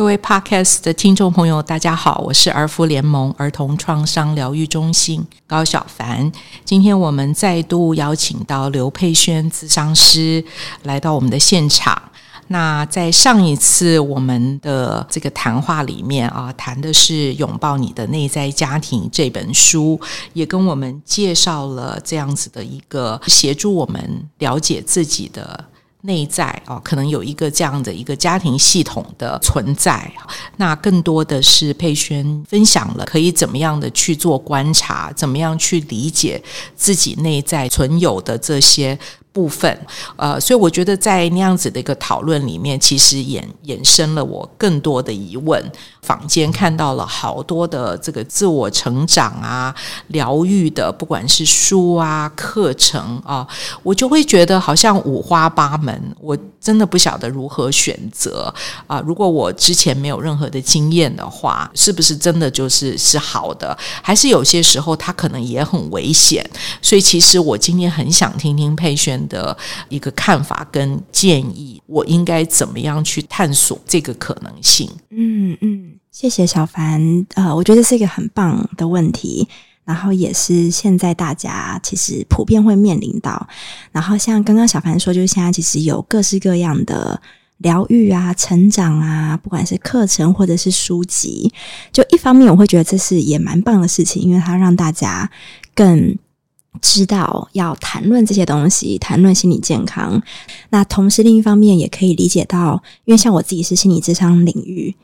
各位 Podcast 的聽眾朋友，大家好，我是兒福聯盟兒童創傷療癒中心高小帆。今天我們再度邀請到劉佩軒諮商師來到我們的現場。那在上一次我們的這個談話裡面啊，談的是《擁抱你的內在家庭》這本書，也跟我們介紹了這樣子的一個協助我們了解自己的。內在啊、哦，可能有一個這樣的一個家庭系統的存在，那更多的是佩軒分享了，可以怎麼樣的去做觀察，怎麼樣去理解自己內在存有的這些。部分，呃，所以我覺得在那樣子的一個討論裡面，其實衍衍生了我更多的疑問。坊間看到了好多的這個自我成長啊、療癒的，不管是書啊、課程啊，呃，我就會覺得好像五花八門，我真的不曉得如何選擇啊，呃。如果我之前沒有任何的經驗的話，是不是真的就是是好的？還是有些時候它可能也很危險？所以，其實我今天很想聽聽佩軒。的一個看法跟建議，我應該怎麼樣去探索這個可能性？嗯嗯，謝謝小帆。呃，我覺得這是一個很棒的問題，然後也是現在大家其實普遍會面臨到。然後像剛剛小帆說，就是現在其實有各式各樣的療癒啊、成長啊，不管是課程或者是書籍，就一方面我會覺得這是也蠻棒的事情，因為它讓大家更。知道要談論這些東西，談論心理健康。那同時，另一方面也可以理解到，因為像我自己是心理諮商領域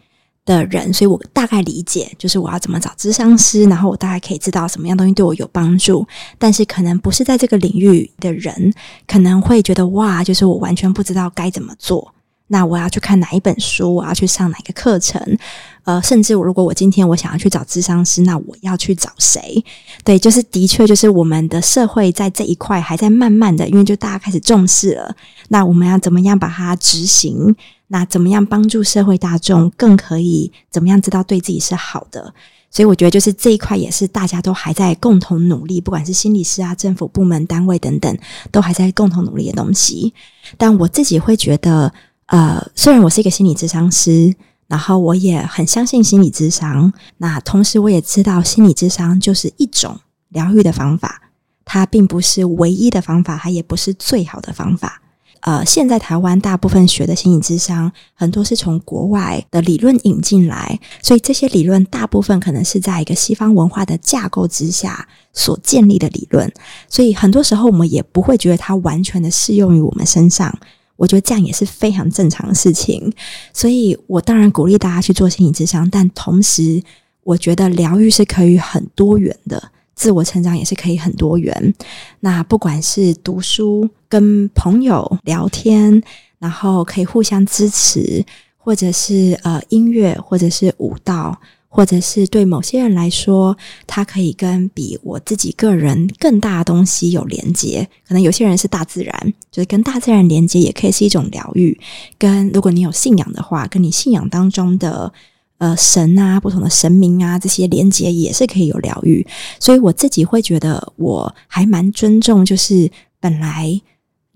的人，所以我大概理解就是我要怎麼找諮商師，然後我大概可以知道什麼樣東西對我有幫助。但是，可能不是在這個領域的人，可能會覺得哇，就是我完全不知道該怎麼做。那我要去看哪一本書？我要去上哪個課程？呃，甚至如果我今天我想要去找諮商師，那我要去找誰？對，就是的確，就是我們的社會在這一塊還在慢慢的，因為就大家開始重視了。那我們要怎麼樣把它執行？那怎麼樣幫助社會大眾更可以怎麼樣知道對自己是好的？所以我覺得，就是這一塊也是大家都還在共同努力，不管是心理師啊、政府部門、單位等等，都還在共同努力的東西。但我自己會覺得。呃，雖然我是一個心理諮商師，然後我也很相信心理諮商。那同時，我也知道心理諮商就是一種療癒的方法，它並不是唯一的方法，它也不是最好的方法。呃，現在台灣大部分學的心理諮商，很多是從國外的理論引進來，所以這些理論大部分可能是在一個西方文化的架構之下所建立的理論，所以很多時候我們也不會覺得它完全的適用於我們身上。我覺得這樣也是非常正常的事情，所以我當然鼓勵大家去做心理諮商，但同時我覺得療癒是可以很多元的，自我成長也是可以很多元。那不管是讀書、跟朋友聊天，然後可以互相支持，或者是呃音樂，或者是舞蹈。或者是對某些人來說，他可以跟比我自己個人更大的東西有連結。可能有些人是大自然，就是跟大自然連結，也可以是一種療癒。跟如果你有信仰的話，跟你信仰當中的呃神啊、不同的神明啊這些連結，也是可以有療癒。所以我自己會覺得，我還蠻尊重，就是本來。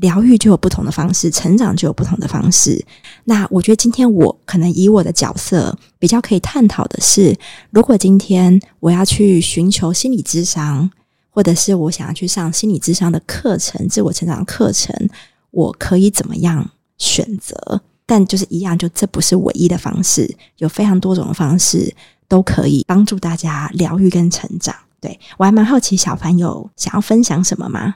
療癒就有不同的方式，成長就有不同的方式。那我覺得今天我可能以我的角色比較可以探討的是，如果今天我要去尋求心理諮商，或者是我想要去上心理諮商的課程、自我成長的課程，我可以怎麼樣選擇？但就是一樣，就這不是唯一的方式，有非常多種方式都可以幫助大家療癒跟成長。對，我還蠻好奇，小帆有想要分享什麼嗎？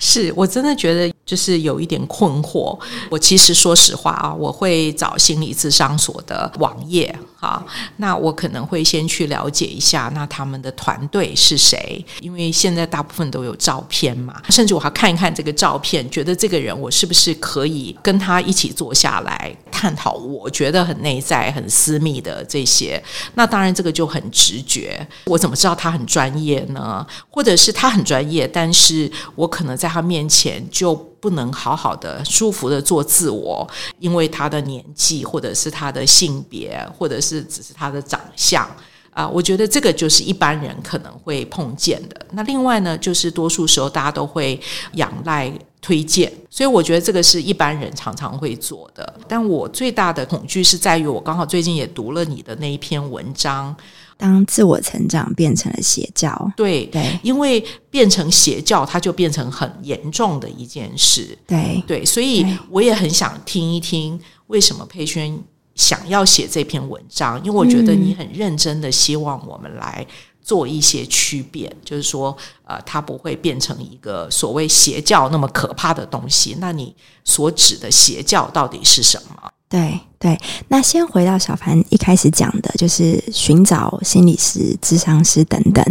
是，我真的覺得就是有一點困惑。我其實說實話啊，我會找心理諮商所的網頁。好，那我可能會先去了解一下，那他們的團隊是誰？因為現在大部分都有照片嘛，甚至我還看一看這個照片，覺得這個人我是不是可以跟他一起坐下來探討？我覺得很內在、很私密的這些，那當然這個就很直覺。我怎麼知道他很專業呢？或者是他很專業，但是我可能在他面前就。不能好好的舒服的做自我，因為他的年紀，或者是他的性別，或者是只是他的長相啊、呃，我覺得這個就是一般人可能會碰見的。那另外呢，就是多數時候大家都會仰賴推薦，所以我覺得這個是一般人常常會做的。但我最大的恐懼是在於，我剛好最近也讀了你的那一篇文章。當自我成長變成了邪教，對對，因為變成邪教，它就變成很嚴重的一件事。對對，所以我也很想聽一聽，為什麼佩軒想要寫這篇文章？因為我覺得你很認真的，希望我們來做一些區別、嗯，就是說，呃，它不會變成一個所謂邪教那麼可怕的東西。那你所指的邪教到底是什麼？對對，那先回到小帆一開始講的，就是尋找心理師、諮商師等等。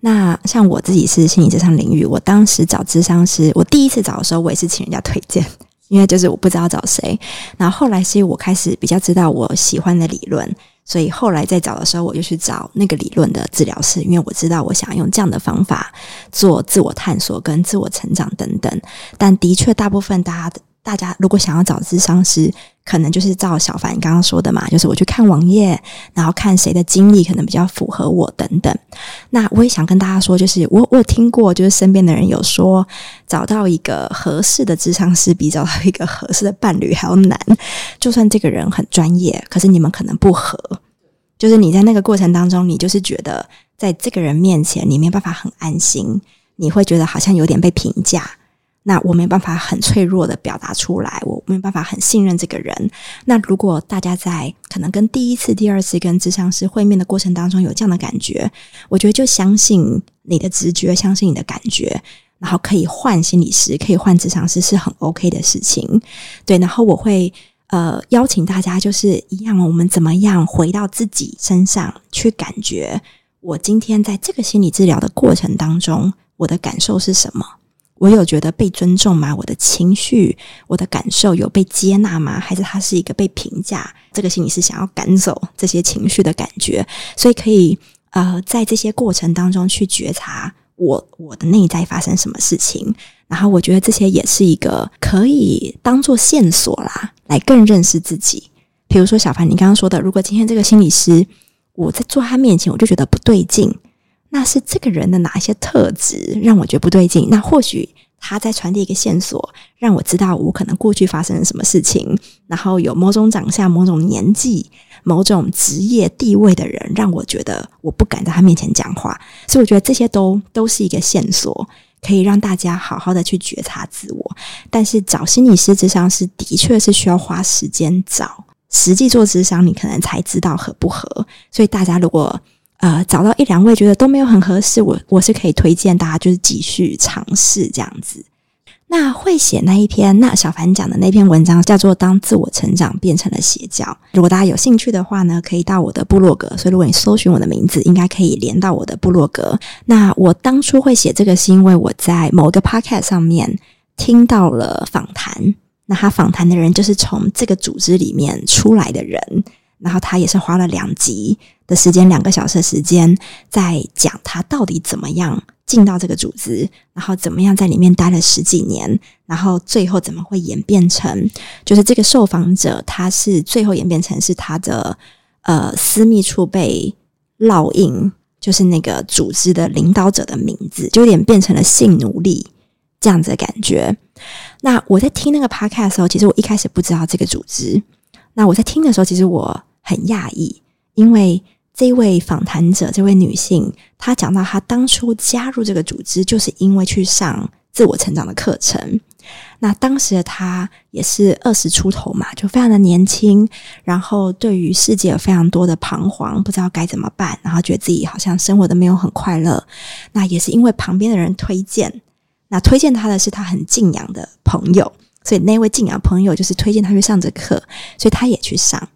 那像我自己是心理諮商領域，我當時找諮商師，我第一次找的時候，我也是請人家推薦，因爲就是我不知道找誰。然後後來是因為我開始比較知道我喜歡的理論，所以後來在找的時候，我就去找那個理論的治療師，因為我知道我想要用這樣的方法做自我探索跟自我成長等等。但的確，大部分大家的。大家如果想要找諮商師，可能就是照小帆剛剛說的嘛，就是我去看網頁，然後看誰的經歷可能比較符合我等等。那我也想跟大家說，就是我我有聽過，就是身邊的人有說，找到一個合適的諮商師，比找到一個合適的伴侶還要難。就算這個人很專業，可是你們可能不合。就是你在那個過程當中，你就是覺得在這個人面前，你沒有辦法很安心，你會覺得好像有點被評價。那我沒辦法很脆弱的表達出來，我沒有辦法很信任這個人。那如果大家在可能跟第一次、第二次跟諮商師會面的過程當中有這樣的感覺，我覺得就相信你的直覺，相信你的感覺，然後可以換心理師，可以換諮商師是很 OK 的事情。對，然後我會呃邀請大家，就是一樣，我們怎麼樣回到自己身上去感覺，我今天在這個心理治療的過程當中，我的感受是什麼？我有覺得被尊重嗎？我的情緒、我的感受有被接納嗎？還是他是一個被評價？這個心理師想要趕走這些情緒的感覺，所以可以呃，在這些過程當中去覺察我我的內在發生什麼事情。然後我覺得這些也是一個可以當做線索啦，來更認識自己。比如說小帆，你剛剛說的，如果今天這個心理師我在坐他面前，我就覺得不對勁。那是這個人的哪一些特質讓我覺得不對勁？那或許他在傳遞一個線索，讓我知道我可能過去發生了什麼事情。然後有某種長相、某種年紀、某種職業地位的人，讓我覺得我不敢在他面前講話。所以我覺得這些都都是一個線索，可以讓大家好好的去覺察自我。但是找心理師諮商是的確是需要花時間找，實際做諮商你可能才知道合不合。所以大家如果。呃，找到一兩位覺得都沒有很合適，我我是可以推薦大家就是繼續嘗試這樣子。那會寫那一篇，那小帆講的那篇文章叫做《當自我成長變成了邪教》，如果大家有興趣的話呢，可以到我的部落格。所以如果你搜尋我的名字，應該可以連到我的部落格。那我當初會寫這個是因為我在某個 podcast 上面聽到了訪談，那他訪談的人就是從這個組織裡面出來的人。然後他也是花了兩集的時間，兩個小時的時間，在講他到底怎麼樣進到這個組織，然後怎麼樣在裡面待了十幾年，然後最後怎麼會演變成，就是這個受訪者他是最後演變成是他的呃私密處被烙印，就是那個組織的領導者的名字，就有點變成了性奴隸這樣子的感覺。那我在聽那個 podcast 的時候，其實我一開始不知道這個組織，那我在聽的時候，其實我，很訝異，因為這位訪談者，這位女性，她講到她當初加入這個組織，就是因為去上自我成長的課程。那當時的她也是二十出頭嘛，就非常的年輕，然後對於世界有非常多的彷徨，不知道該怎麼辦，然後覺得自己好像生活的沒有很快樂。那也是因為旁邊的人推薦，那推薦她的是她很敬仰的朋友，所以那位敬仰朋友就是推薦她去上這課，所以她也去上。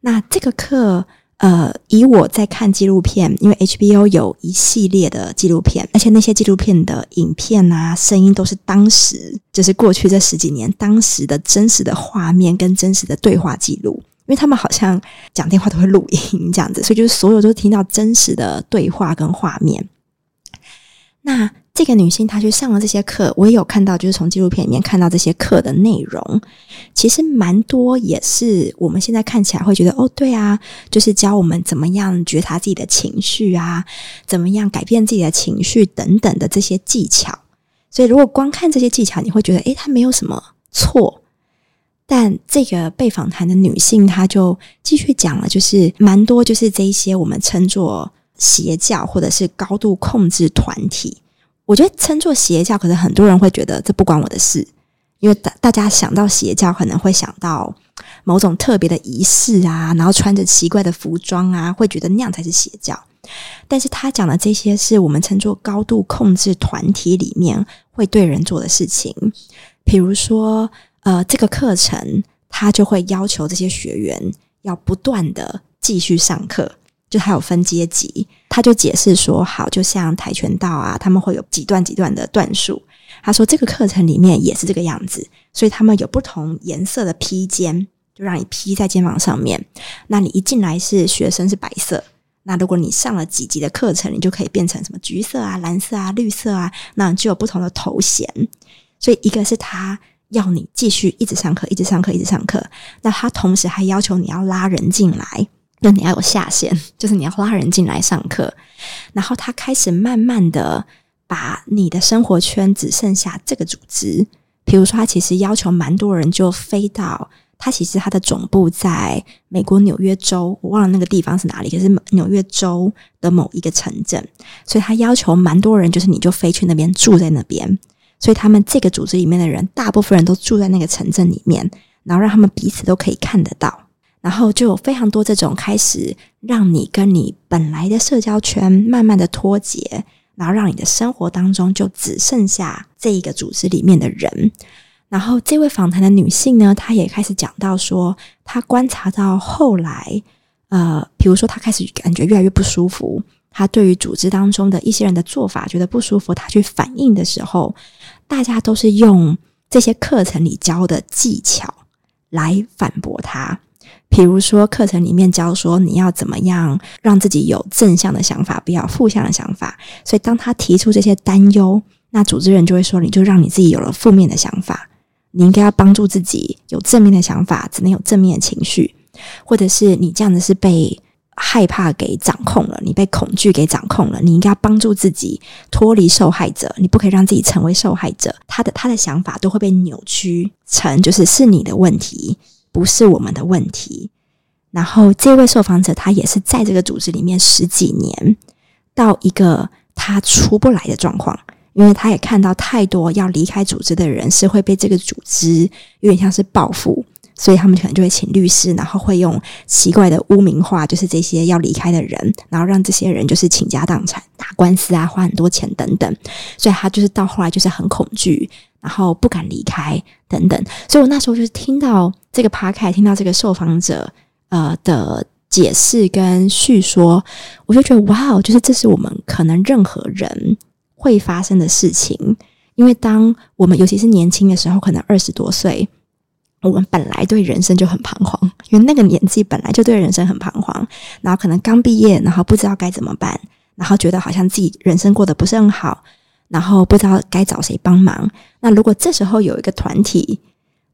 那這個課，呃，以我在看紀錄片，因為 HBO 有一系列的紀錄片，而且那些紀錄片的影片啊、聲音都是當時就是過去這十幾年當時的真實的畫面跟真實的對話記錄，因為他們好像講電話都會錄音這樣子，所以就是所有都聽到真實的對話跟畫面。那。這個女性她去上了這些課，我也有看到，就是從紀錄片裡面看到這些課的內容，其實蠻多也是我們現在看起來會覺得哦，對啊，就是教我們怎麼樣覺察自己的情緒啊，怎麼樣改變自己的情緒等等的這些技巧。所以如果光看這些技巧，你會覺得誒，她沒有什麼錯。但這個被訪談的女性，她就繼續講了，就是蠻多就是這一些我們稱作邪教或者是高度控制團體。我覺得稱作邪教，可能很多人會覺得這不關我的事，因為大大家想到邪教，可能會想到某種特別的儀式啊，然後穿着奇怪的服裝啊，會覺得那樣才是邪教。但是他講的這些是我們稱作高度控制團體裡面會對人做的事情，比如說，呃，這個課程他就會要求這些學員要不斷地繼續上課，就還有分階級。他就解釋說：“好，就像跆拳道啊，他們會有幾段幾段的段數。他說這個課程裡面也是這個樣子，所以他們有不同顏色的披肩，就讓你披在肩膀上面。那你一進來是學生是白色，那如果你上了幾級的課程，你就可以變成什麼橘色啊、藍色啊、綠色啊，那就有不同的頭銜。所以一個是他要你繼續一直上課，一直上課，一直上課。那他同時還要求你要拉人進來。”那你要有下線，就是你要拉人進來上課。然後他開始慢慢的把你的生活圈只剩下這個組織。比如說，他其實要求蠻多人，就飛到他其實他的總部在美國紐約州，我忘了那個地方是哪裡，可是紐約州的某一個城鎮。所以，他要求蠻多人，就是你就飛去那邊住在那邊。所以，他們這個組織裡面的人，大部分人都住在那個城鎮裡面，然後讓他們彼此都可以看得到。然後就有非常多這種開始，讓你跟你本來的社交圈慢慢的脫節，然後讓你的生活當中就只剩下這一個組織裡面的人。然後這位訪談的女性呢，她也開始講到說，她觀察到後來，呃，比如說她開始感覺越來越不舒服，她對於組織當中的一些人的做法覺得不舒服，她去反應的時候，大家都是用這些課程裡教的技巧來反駁她。比如說，課程裡面教說你要怎麼樣讓自己有正向的想法，不要負向的想法。所以，當他提出這些擔憂，那主持人就會說：“你就讓你自己有了負面的想法，你應該要幫助自己有正面的想法，只能有正面的情緒，或者是你這樣子是被害怕給掌控了，你被恐懼給掌控了。你應該要幫助自己脫離受害者，你不可以讓自己成為受害者。他的他的想法都會被扭曲成就是是你的問題。”不是我們的問題。然後這位受訪者他也是在這個組織裡面十幾年，到一個他出不來的狀況，因為他也看到太多要離開組織的人是會被這個組織有點像是報復，所以他們可能就會請律師，然後會用奇怪的污名化，就是這些要離開的人，然後讓這些人就是傾家蕩產、打官司啊，花很多錢等等。所以他就是到後來就是很恐懼。然後不敢離開，等等。所以我那時候就是聽到這個 podcast 聽到這個受訪者呃的解釋跟敘說，我就覺得哇，就是這是我們可能任何人會發生的事情。因為當我們尤其是年輕的時候，可能二十多歲，我們本來對人生就很彷徨，因為那個年紀本來就對人生很彷徨。然後可能剛畢業，然後不知道該怎麼辦，然後覺得好像自己人生過得不是很好。然後不知道該找誰幫忙。那如果這時候有一個團體，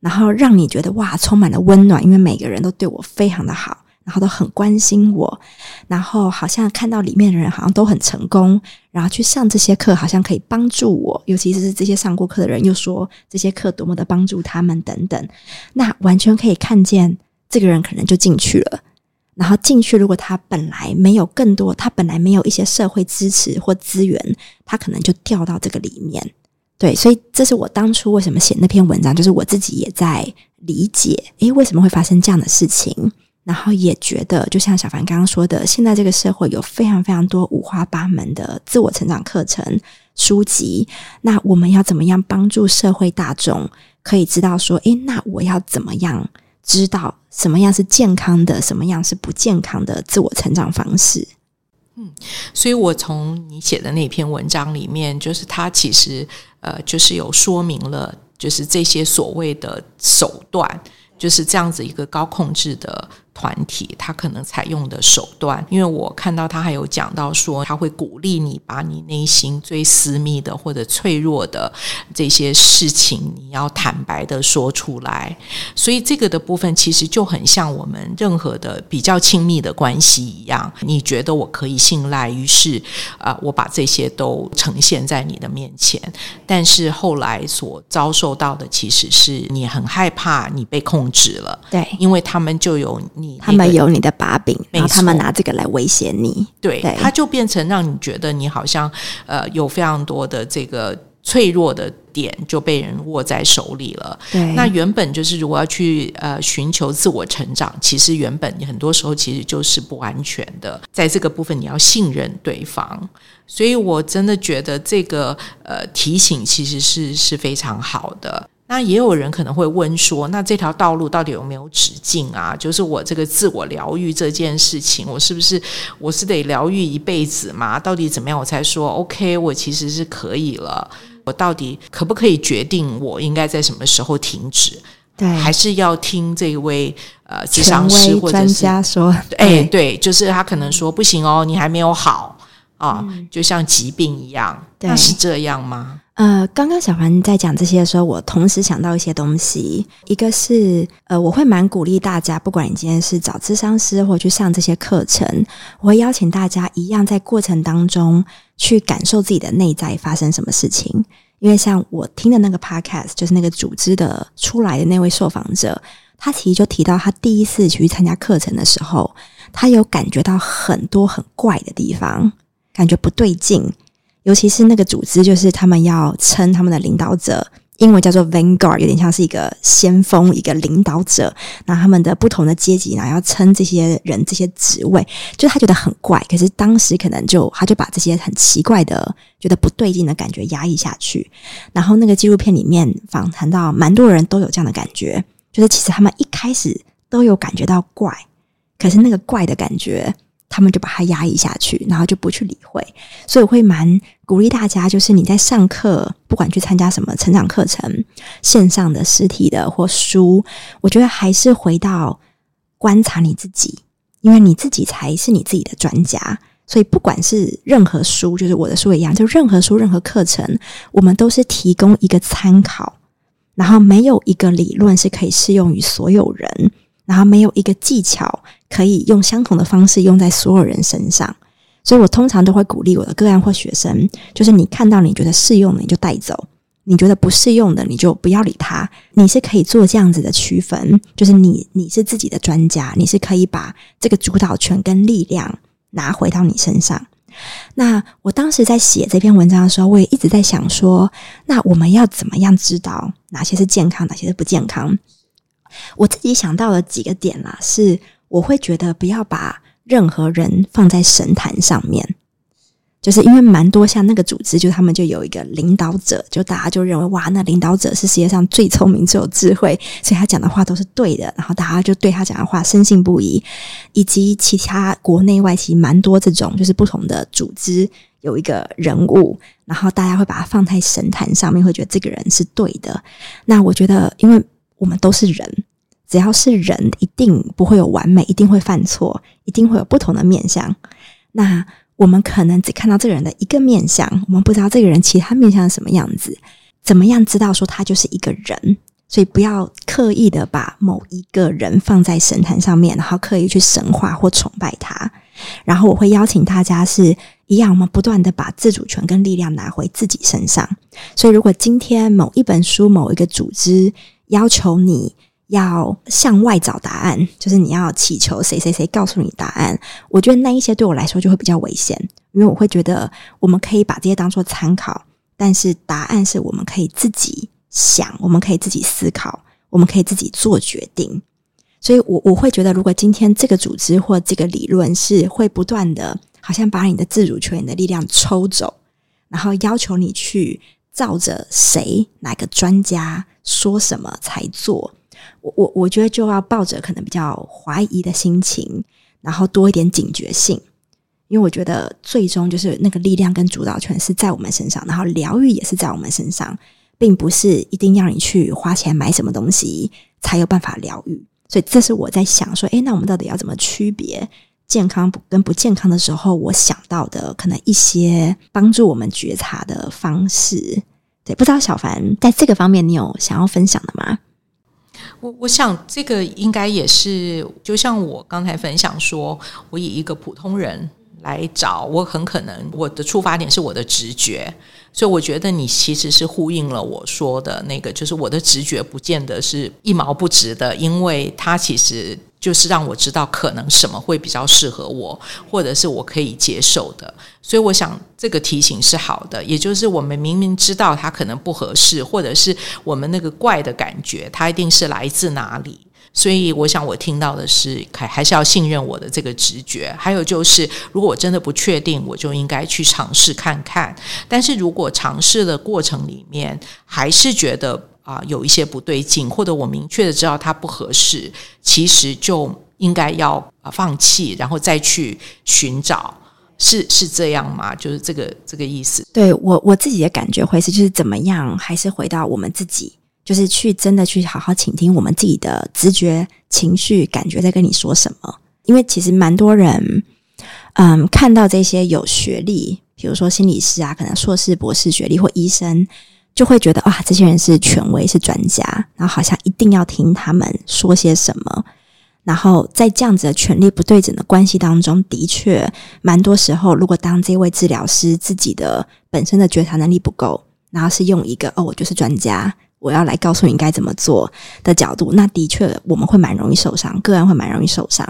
然後讓你覺得哇，充滿了溫暖，因為每個人都對我非常的好，然後都很關心我，然後好像看到裡面的人好像都很成功，然後去上這些課好像可以幫助我，尤其是這些上過課的人又說這些課多麼的幫助他們等等，那完全可以看見這個人可能就進去了。然後進去，如果他本來沒有更多，他本來沒有一些社會支持或資源，他可能就掉到這個裡面。對，所以這是我當初為什麼寫那篇文章，就是我自己也在理解，誒，為什麼會發生這樣的事情？然後也覺得，就像小帆剛剛說的，現在這個社會有非常非常多五花八門的自我成長課程書籍，那我們要怎麼樣幫助社會大眾可以知道說，誒，那我要怎麼樣？知道什麼樣是健康的，什麼樣是不健康的自我成長方式。嗯，所以我從你寫的那篇文章裡面，就是他其實呃，就是有說明了，就是這些所謂的手段，就是這樣子一個高控制的。團體他可能採用的手段，因為我看到他還有講到說，他會鼓勵你把你內心最私密的或者脆弱的這些事情，你要坦白的說出來。所以這個的部分其實就很像我們任何的比較親密的關係一樣，你覺得我可以信賴，於是啊、呃，我把這些都呈現在你的面前。但是後來所遭受到的其實是你很害怕你被控制了，對，因為他們就有。那個、他們有你的把柄，沒然後他們拿這個來威脅你，對，他就變成讓你覺得你好像呃有非常多的這個脆弱的點就被人握在手裡了。對，那原本就是如果要去呃尋求自我成長，其實原本你很多時候其實就是不安全的，在這個部分你要信任對方，所以我真的覺得這個呃提醒其實是是非常好的。那也有人可能會問說，那這條道路到底有沒有止境啊？就是我這個自我療癒這件事情，我是不是我是得療癒一輩子嗎？到底怎麼樣我才說 OK？我其實是可以了。我到底可不可以決定我應該在什麼時候停止？對，還是要聽這一位呃諮詢師或者專家說？哎、欸，對，就是他可能說不行哦，你還沒有好啊、嗯，就像疾病一樣，對，那是這樣嗎？呃，剛剛小帆在講這些的時候，我同時想到一些東西。一個是，呃，我會蠻鼓勵大家，不管你今天是找諮商師、或者去上這些課程，我會邀請大家一樣在過程當中去感受自己的內在發生什麼事情。因為像我聽的那個 podcast，就是那個組織的出來的那位受訪者，他其實就提到他第一次去參加課程的時候，他有感覺到很多很怪的地方，感覺不對勁。尤其是那個組織，就是他們要稱他們的領導者，英文叫做 Vanguard，有點像是一個先鋒，一個領導者。然後他們的不同的階級，然後要稱這些人、這些職位，就是他覺得很怪。可是當時可能就，他就把這些很奇怪的、覺得不對勁的感覺壓抑下去。然後那個紀錄片裡面訪談到蠻多人都有這樣的感覺，就是其實他們一開始都有感覺到怪，可是那個怪的感覺。他們就把它壓抑下去，然後就不去理會。所以我會蠻鼓勵大家，就是你在上課，不管去參加什麼成長課程，線上的、實體的或書，我覺得還是回到觀察你自己，因為你自己才是你自己的專家。所以不管是任何書，就是我的書也一樣，就任何書、任何課程，我們都是提供一個參考，然後沒有一個理論是可以適用於所有人。然後沒有一個技巧可以用相同的方式用在所有人身上，所以我通常都會鼓勵我的個案或學生，就是你看到你覺得適用的你就帶走，你覺得不適用的你就不要理他。你是可以做這樣子的區分，就是你你是自己的專家，你是可以把這個主導權跟力量拿回到你身上。那我當時在寫這篇文章的時候，我也一直在想說，那我們要怎麼樣知道哪些是健康，哪些是不健康？我自己想到的幾個點啦，啊，是我會覺得不要把任何人放在神壇上面，就是因為蠻多像那個組織，就他們就有一個領導者，就大家就認為哇，那領導者是世界上最聰明、最有智慧，所以他講的話都是對的，然後大家就對他講的話深信不疑，以及其他國內外其實蠻多這種就是不同的組織，有一個人物，然後大家會把他放在神壇上面，會覺得這個人是對的。那我覺得，因為。我們都是人，只要是人，一定不會有完美，一定會犯錯，一定會有不同的面相。那我們可能只看到這個人的一個面相，我們不知道這個人其他面相是什麼樣子。怎麼樣知道說他就是一個人？所以不要刻意的把某一個人放在神壇上面，然後刻意去神化或崇拜他。然後我會邀請大家是一樣我們不斷的把自主權跟力量拿回自己身上。所以，如果今天某一本書、某一個組織，要求你要向外找答案，就是你要祈求誰誰誰告訴你答案。我覺得那一些對我來說就會比較危險，因為我會覺得我們可以把這些當做參考，但是答案是我們可以自己想，我們可以自己思考，我們可以自己做決定。所以我，我我會覺得，如果今天這個組織或這個理論是會不斷的，好像把你的自主權、你的力量抽走，然後要求你去。照着誰，哪個專家說什麼才做，我我我覺得就要抱着可能比較懷疑的心情，然後多一點警覺性，因為我覺得最終就是那個力量跟主導權是在我們身上，然後療癒也是在我們身上，並不是一定要你去花錢買什麼東西才有辦法療癒，所以這是我在想說，哎，那我們到底要怎麼區別？健康跟不健康的時候，我想到的可能一些幫助我們覺察的方式，對，不知道小帆在這個方面你有想要分享的嗎？我我想這個應該也是，就像我剛才分享說，我以一個普通人來找，我很可能我的出發點是我的直覺。所以我覺得你其實是呼應了我說的那個，就是我的直覺不見得是一毛不值的，因為它其實就是讓我知道可能什麼會比較適合我，或者是我可以接受的。所以我想這個提醒是好的，也就是我們明明知道它可能不合適，或者是我們那個怪的感覺，它一定是來自哪裡。所以，我想我聽到的是，還是要信任我的這個直覺。還有就是，如果我真的不確定，我就應該去嘗試看看。但是如果嘗試的過程裡面還是覺得啊、呃、有一些不對勁，或者我明確的知道它不合適，其實就應該要啊放棄，然後再去尋找。是是這樣嗎？就是這個這個意思。對，我我自己的感覺會是，就是怎麼樣，還是回到我們自己。就是去真的去好好傾聽我們自己的直覺、情緒、感覺在跟你說什麼，因為其實蠻多人，嗯，看到這些有學歷，比如說心理師啊，可能碩士、博士學歷或醫生，就會覺得哇，這些人是權威，是專家，然後好像一定要聽他們說些什麼。然後在這樣子的權力不對等的關係當中，的確蠻多時候，如果當這位治療師自己的本身的覺察能力不夠，然後是用一個哦，我就是專家。我要來告訴你該怎麼做的角度，那的確我們會蠻容易受傷，個案會蠻容易受傷。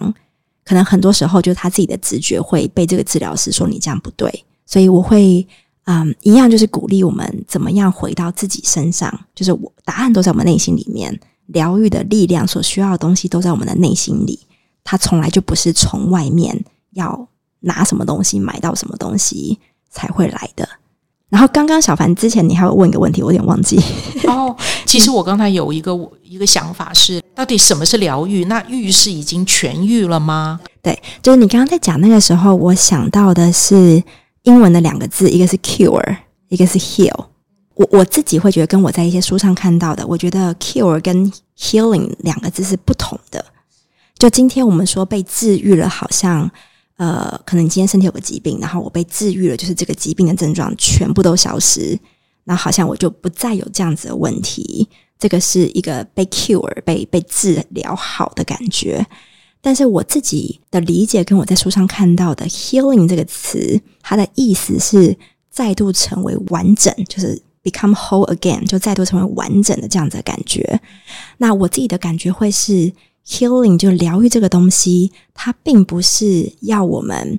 可能很多時候，就是他自己的直覺會被這個治療師說你這樣不對，所以我會，嗯，一樣就是鼓勵我們怎麼樣回到自己身上，就是我答案都在我們內心裡面，療癒的力量所需要的東西都在我們的內心裡，他從來就不是從外面要拿什麼東西買到什麼東西才會來的。然後，剛剛小凡之前你還要問一個問題，我有點忘記哦。其實我剛才有一個 一個想法是，到底什麼是療癒？那癒是已經痊癒了嗎？對，就是你剛剛在講那個時候，我想到的是英文的兩個字，一個是 cure，一個是 heal。我我自己會覺得，跟我在一些書上看到的，我覺得 cure 跟 healing 兩個字是不同的。就今天我們說被治癒了，好像。呃，可能你今天身體有個疾病，然後我被治癒了，就是這個疾病的症狀全部都消失，那好像我就不再有這樣子的問題。這個是一個被 cure 被、被被治療好的感覺。但是我自己的理解跟我在書上看到的 healing 這個詞，它的意思是再度成為完整，就是 become whole again，就再度成為完整的這樣子的感覺。那我自己的感覺會是。Healing 就療癒這個東西，它並不是要我們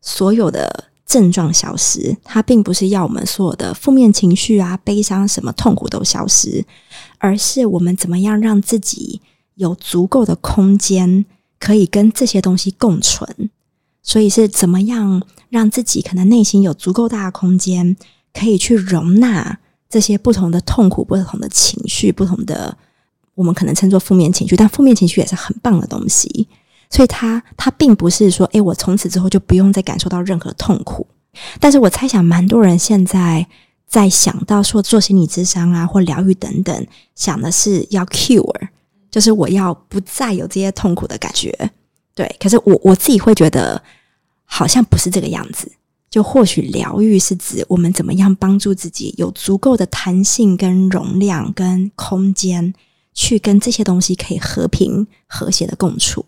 所有的症狀消失，它並不是要我們所有的負面情緒啊、悲傷、什麼痛苦都消失，而是我們怎麼樣讓自己有足夠的空間，可以跟這些東西共存。所以是怎麼樣讓自己可能內心有足夠大的空間，可以去容納這些不同的痛苦、不同的情緒、不同的。我們可能稱作負面情緒，但負面情緒也是很棒的東西。所以他，他他並不是說，誒、哎，我從此之後就不用再感受到任何痛苦。但是我猜想，蠻多人現在在想到說做心理諮商啊，或療癒等等，想的是要 cure，就是我要不再有這些痛苦的感覺。對，可是我我自己會覺得，好像不是這個樣子。就或許療癒是指我們怎麼樣幫助自己有足夠的彈性、跟容量、跟空間。去跟這些東西可以和平和諧的共處，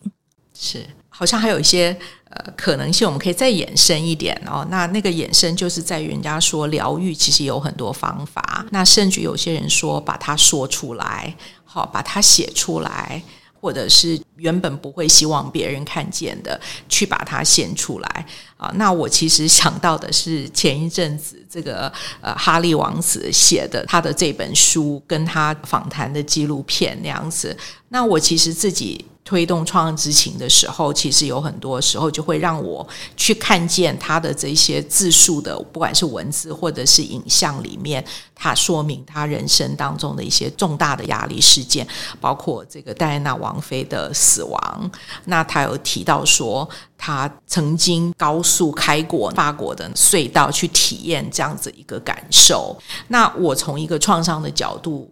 是好像還有一些呃可能性，我們可以再衍生一點哦。那那個衍生就是在於人家說療癒其實有很多方法，那甚至有些人說把它說出來，好、哦、把它寫出來。或者是原本不會希望別人看見的，去把它掀出來啊。那我其實想到的是前一陣子這個呃，哈利王子寫的他的這本書，跟他訪談的紀錄片那樣子。那我其實自己。推動創傷知情的時候，其實有很多時候就會讓我去看見他的這些自述的，不管是文字或者是影像裡面，他說明他人生當中的一些重大的壓力事件，包括這個戴安娜王妃的死亡。那他有提到說，他曾經高速開過法國的隧道去體驗這樣子一個感受。那我從一個創傷的角度。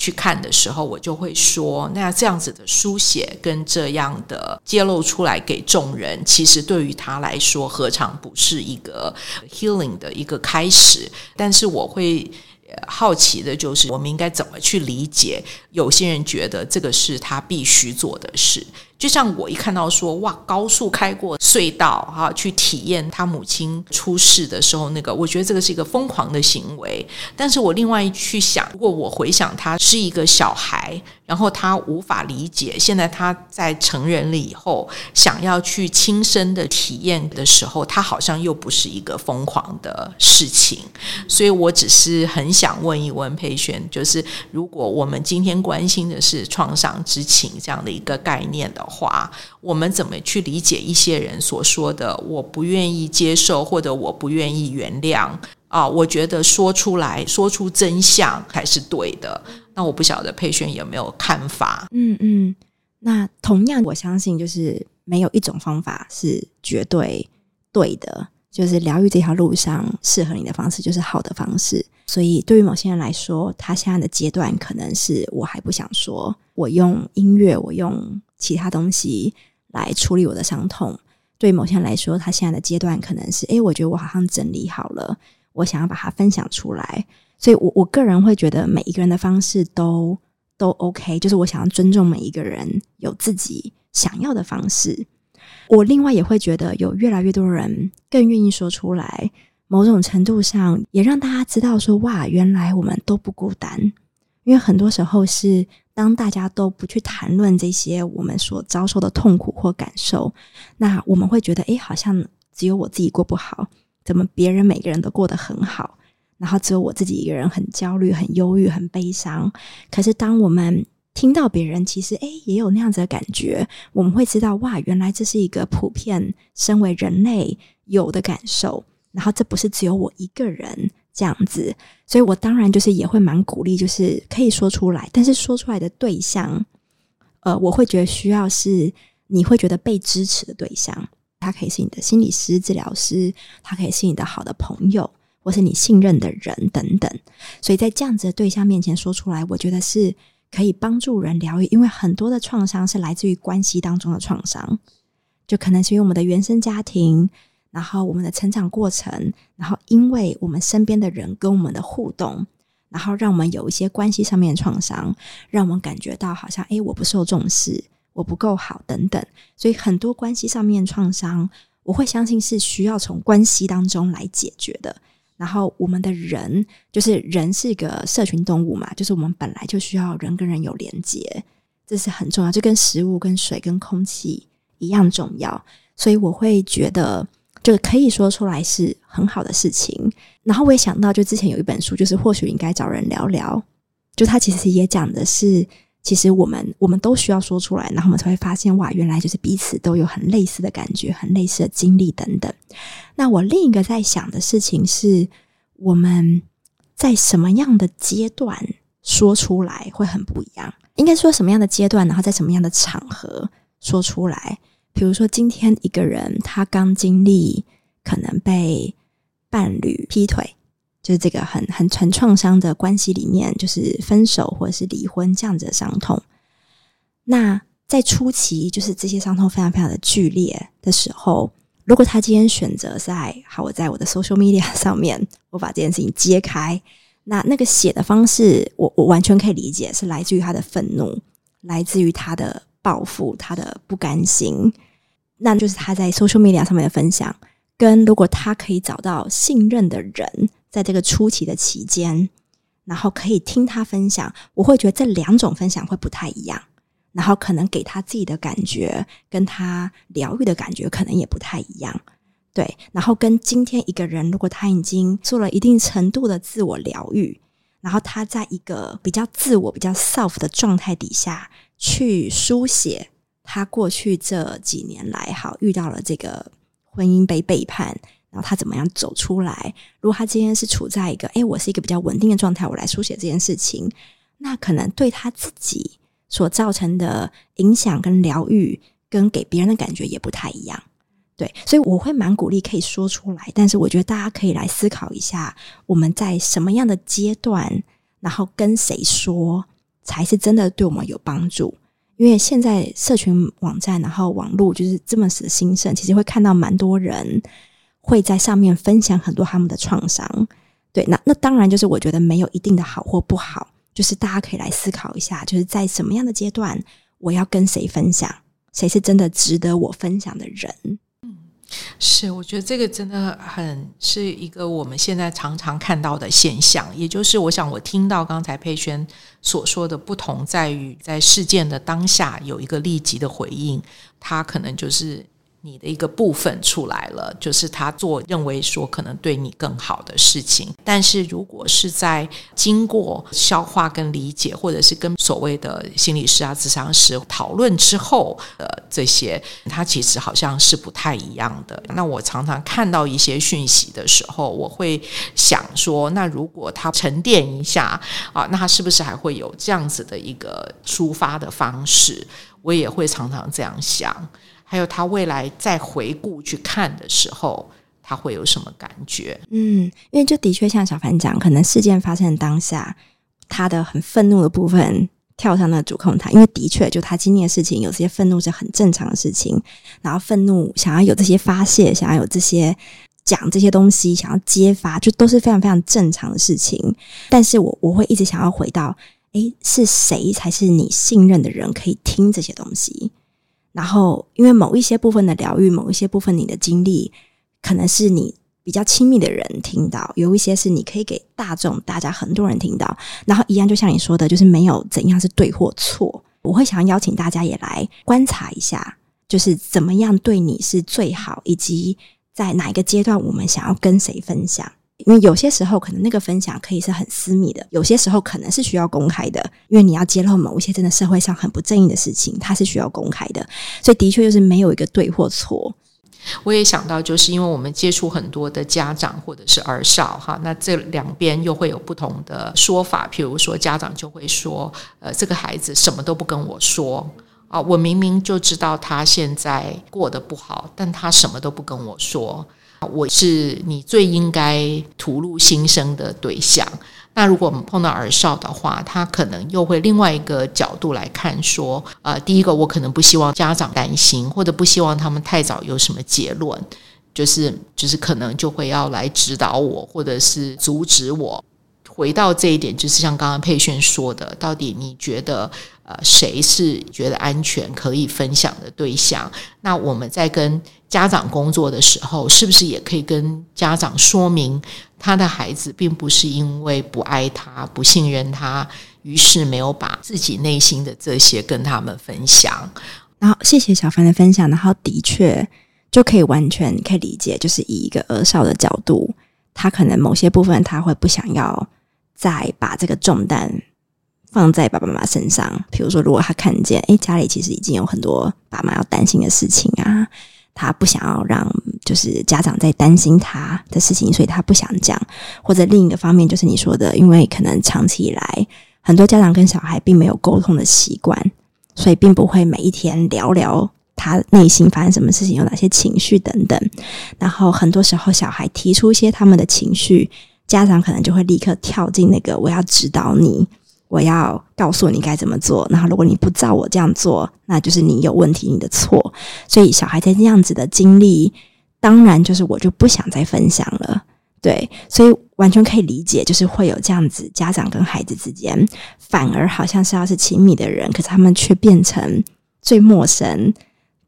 去看的時候，我就會說，那這樣子的書寫跟這樣的揭露出來給眾人，其實對於他來說，何嘗不是一個 healing 的一個開始？但是我會好奇的就是，我們應該怎麼去理解，有些人覺得這個是他必須做的事。就像我一看到說哇，高速開過隧道哈，去體驗他母親出事的時候那個，我覺得這個是一個瘋狂的行為。但是我另外去想，如果我回想他是一個小孩，然後他無法理解，現在他在成人了以後，想要去親身的體驗的時候，他好像又不是一個瘋狂的事情。所以我只是很想問一問佩璇，就是如果我們今天關心的是創傷知情這樣的一個概念的話。話我們怎麼去理解一些人所說的？我不願意接受，或者我不願意原諒啊？我覺得說出來說出真相還是對的。那我不曉得佩軒有沒有看法嗯？嗯嗯。那同樣，我相信就是沒有一種方法是絕對對的。就是療癒這條路上適合你的方式，就是好的方式。所以對於某些人來說，他現在的階段可能是我還不想說。我用音樂，我用。其他東西來處理我的傷痛，對某些人來說，他現在的階段可能是：哎、欸，我覺得我好像整理好了，我想要把它分享出來。所以我，我我個人會覺得，每一個人的方式都都 OK，就是我想要尊重每一個人有自己想要的方式。我另外也會覺得，有越來越多人更願意說出來，某種程度上也讓大家知道說：哇，原來我們都不孤單。因為很多時候是。當大家都不去談論這些我們所遭受的痛苦或感受，那我們會覺得，哎，好像只有我自己過不好，怎麼別人每個人都過得很好，然後只有我自己一個人很焦慮、很憂鬱、很悲傷。可是當我們聽到別人，其實，哎，也有那樣子的感覺，我們會知道，哇，原來這是一個普遍身為人類有的感受，然後這不是只有我一個人。這樣子，所以我當然就是也會蠻鼓勵，就是可以說出來，但是說出來的對象，呃，我會覺得需要是你會覺得被支持的對象，他可以是你的心理師、治療師，他可以是你的好的朋友，或是你信任的人等等。所以在這樣子的對象面前說出來，我覺得是可以幫助人療癒，因為很多的創傷是來自於關係當中的創傷，就可能是因為我們的原生家庭。然後我們的成長過程，然後因為我們身邊的人跟我們的互動，然後讓我們有一些關係上面的創傷，讓我們感覺到好像誒我不受重視，我不夠好等等。所以很多關係上面創傷，我會相信是需要從關係當中來解決的。然後我們的人，就是人是一個社群動物嘛，就是我們本來就需要人跟人有連接，這是很重要，就跟食物、跟水、跟空氣一樣重要。所以我會覺得。就可以說出來是很好的事情，然後我也想到，就之前有一本書，就是或許應該找人聊聊。就他其實也講的是，其實我們我們都需要說出來，然後我們才會發現，哇，原來就是彼此都有很類似的感覺，很類似的經歷等等。那我另一個在想的事情是，我們在什麼樣的階段說出來會很不一樣？應該說什麼樣的階段，然後在什麼樣的場合說出來。比如說，今天一個人他剛經歷可能被伴侶劈腿，就是這個很很很創傷的關係裡面，就是分手或者是離婚這樣子的傷痛。那在初期，就是這些傷痛非常非常的劇烈的時候，如果他今天選擇在好，我在我的 social media 上面我把這件事情揭開，那那個寫的方式，我我完全可以理解，是來自於他的憤怒，來自於他的。報復他的不甘心，那就是他在 social media 上面的分享，跟如果他可以找到信任的人，在這個初期的期間，然後可以聽他分享，我會覺得這兩種分享會不太一樣。然後可能給他自己的感覺，跟他療癒的感覺可能也不太一樣，對。然後跟今天一個人，如果他已經做了一定程度的自我療癒，然後他在一個比較自我、比較 self 的狀態底下。去書寫他過去這幾年來好，好遇到了這個婚姻被背叛，然後他怎麼樣走出來？如果他今天是處在一個，哎、欸，我是一個比較穩定的狀態，我來書寫這件事情，那可能對他自己所造成的影響跟療癒，跟給別人的感覺也不太一樣。對，所以我會蠻鼓勵可以說出來，但是我覺得大家可以來思考一下，我們在什麼樣的階段，然後跟誰說。才是真的對我們有幫助，因為現在社群網站，然後網絡就是這麼的興盛，其實會看到蠻多人會在上面分享很多他們的創傷。對，那那當然就是我覺得沒有一定的好或不好，就是大家可以來思考一下，就是在什麼樣的階段，我要跟誰分享，誰是真的值得我分享的人。是，我覺得這個真的很是一個我們現在常常看到的現象，也就是我想我聽到剛才佩軒所說的，不同在於在事件的當下有一個立即的回應，他可能就是。你的一個部分出來了，就是他做認為說可能對你更好的事情。但是如果是在經過消化跟理解，或者是跟所謂的心理師啊、諮商師討論之後的，呃、這些，他其實好像是不太一樣的。那我常常看到一些訊息的時候，我會想說，那如果他沉澱一下啊，那他是不是還會有這樣子的一個抒發的方式？我也會常常這樣想。還有他未來再回顧去看的時候，他會有什麼感覺？嗯，因為就的確像小帆講，可能事件發生的當下，他的很憤怒的部分跳上那主控台，因為的確就他經歷的事情有這些憤怒是很正常的事情，然後憤怒想要有這些發洩，想要有這些講這些東西，想要揭發，就都是非常非常正常的事情。但是我我會一直想要回到，哎，是誰才是你信任的人，可以聽這些東西？然後，因為某一些部分的療癒，某一些部分你的經歷，可能是你比較親密的人聽到；有一些是你可以給大眾、大家很多人聽到。然後，一樣就像你說的，就是沒有怎樣是對或錯。我會想要邀請大家也來觀察一下，就是怎麼樣對你是最好，以及在哪一個階段我們想要跟誰分享。因為有些時候可能那個分享可以是很私密的，有些時候可能是需要公開的，因為你要揭露某些真的社會上很不正義的事情，它是需要公開的。所以的確就是沒有一個對或錯。我也想到，就是因為我們接觸很多的家長或者是兒少哈，那這兩邊又會有不同的說法。比如說家長就會說，呃，這個孩子什麼都不跟我說啊，呃，我明明就知道他現在過得不好，但他什麼都不跟我說。我是你最應該吐露心聲的對象。那如果我們碰到兒少的話，他可能又會另外一個角度來看，說，呃，第一個我可能不希望家長擔心，或者不希望他們太早有什麼結論，就是就是可能就會要來指導我，或者是阻止我回到這一點。就是像剛剛佩軒說的，到底你覺得？呃，誰是覺得安全可以分享的對象？那我們在跟家長工作的時候，是不是也可以跟家長說明，他的孩子並不是因為不愛他、不信任他，於是沒有把自己內心的這些跟他們分享？然後，謝謝小帆的分享。然後，的確就可以完全可以理解，就是以一個兒少的角度，他可能某些部分他會不想要再把這個重擔。放在爸爸媽媽身上，比如說，如果他看見，誒，家裡其實已經有很多爸媽要擔心的事情啊，他不想要讓就是家長在擔心他的事情，所以他不想講。或者另一個方面，就是你說的，因為可能長期以來，很多家長跟小孩並沒有溝通的習慣，所以並不會每一天聊聊他內心發生什麼事情，有哪些情緒等等。然後很多時候，小孩提出一些他們的情緒，家長可能就會立刻跳進那個我要指導你。我要告訴你該怎麼做，然後如果你不照我這樣做，那就是你有問題，你的錯。所以小孩在這樣子的經歷，當然就是我就不想再分享了。對，所以完全可以理解，就是會有這樣子家長跟孩子之間，反而好像是要是親密的人，可是他們卻變成最陌生，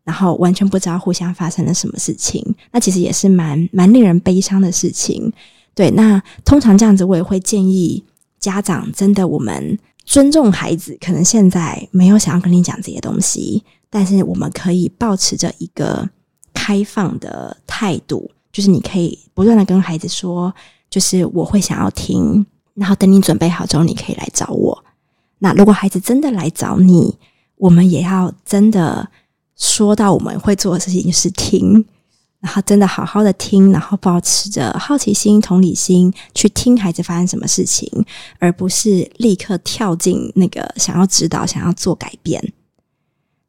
然後完全不知道互相發生了什麼事情。那其實也是蠻蠻令人悲傷的事情。對，那通常這樣子，我也會建議。家長真的，我們尊重孩子，可能現在沒有想要跟你講這些東西，但是我們可以保持着一個開放的態度，就是你可以不斷的跟孩子說，就是我會想要聽，然後等你準備好之後，你可以來找我。那如果孩子真的來找你，我們也要真的說到我們會做的事情就是聽。然後真的好好的聽，然後保持着好奇心、同理心去聽孩子發生什麼事情，而不是立刻跳進那個想要指導、想要做改變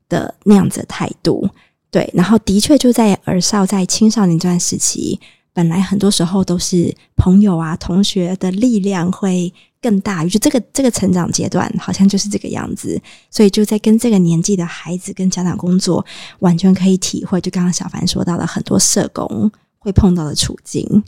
的那樣子的態度。對，然後的確就在兒少，在青少年這段時期，本來很多時候都是朋友啊、同學的力量會。更大於就這個這個成長階段，好像就是這個樣子，所以就在跟這個年紀的孩子跟家長工作，完全可以體會。就剛剛小帆說到了很多社工會碰到的處境。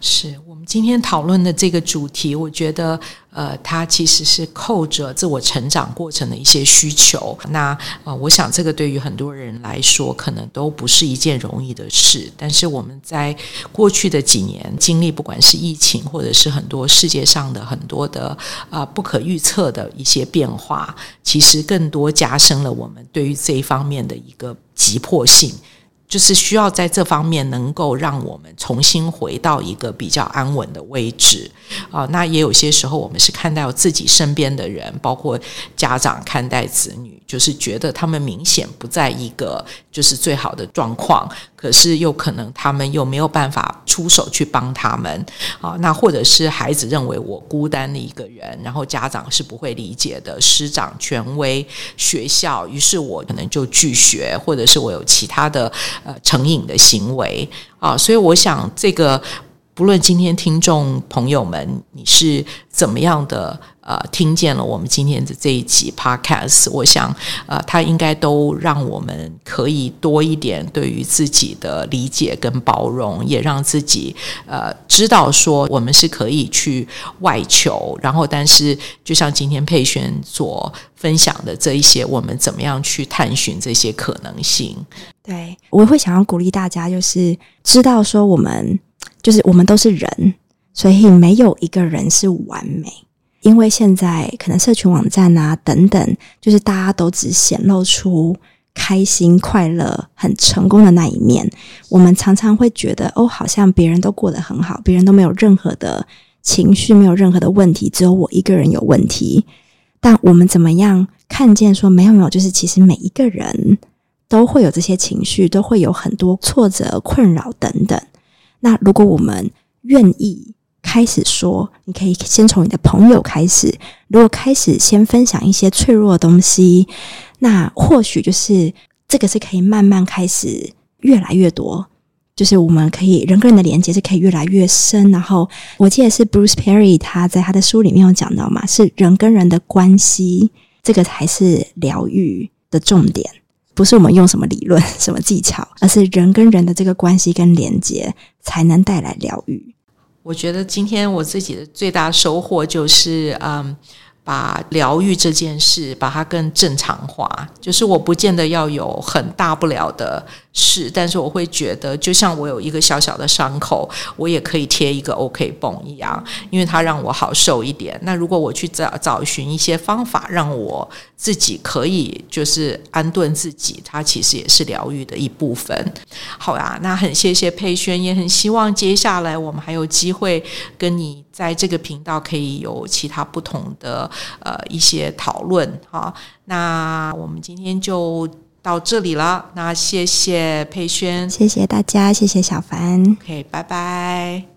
是，我們今天討論的這個主題，我覺得，呃，它其實是扣着自我成長過程的一些需求。那呃，我想這個對於很多人來說，可能都不是一件容易的事。但是我們在過去的幾年經歷，不管是疫情，或者是很多世界上的很多的啊、呃、不可預測的一些變化，其實更多加深了我們對於這一方面的一個急迫性。就是需要在這方面能夠讓我們重新回到一個比較安穩的位置啊。那也有些時候，我們是看到自己身邊的人，包括家長看待子女，就是覺得他們明顯不在一個就是最好的狀況。可是又可能他們又沒有辦法出手去幫他們啊，那或者是孩子認為我孤單的一個人，然後家長是不會理解的，師長權威學校，於是我可能就拒學，或者是我有其他的呃成癮的行為啊，所以我想這個不論今天聽眾朋友們你是怎麼樣的。呃，聽見了我們今天的這一集 Podcast，我想，呃，他應該都讓我們可以多一點對於自己的理解跟包容，也讓自己呃知道說我們是可以去外求，然後但是就像今天佩軒所分享的這一些，我們怎麼樣去探尋這些可能性。對，我會想要鼓勵大家，就是知道說我們就是我們都是人，所以沒有一個人是完美。因為現在可能社群網站啊等等，就是大家都只顯露出開心、快樂、很成功的那一面。我們常常會覺得，哦，好像別人都過得很好，別人都沒有任何的情緒，沒有任何的問題，只有我一個人有問題。但我們怎麼樣看見說，沒有沒有，就是其實每一個人都會有這些情緒，都會有很多挫折、困擾等等。那如果我們願意，開始說，你可以先從你的朋友開始。如果開始先分享一些脆弱的東西，那或許就是這個是可以慢慢開始越來越多。就是我們可以人跟人的連接是可以越來越深。然後我記得是 Bruce Perry 他在他的書裡面有講到嘛，是人跟人的關係這個才是療癒的重點，不是我們用什麼理論、什麼技巧，而是人跟人的這個關係跟連接才能帶來療癒。我覺得今天我自己的最大收穫就是，嗯，把療癒這件事把它更正常化，就是我不見得要有很大不了的。是，但是我會覺得，就像我有一個小小的傷口，我也可以貼一個 OK 繃一樣，因為它讓我好受一點。那如果我去找找尋一些方法，讓我自己可以就是安頓自己，它其實也是療癒的一部分。好呀、啊，那很謝謝佩軒，也很希望接下來我們還有機會跟你在這個頻道可以有其他不同的呃一些討論。好，那我們今天就。到這裡了，那謝謝佩軒，謝謝大家，謝謝小帆，OK，拜拜。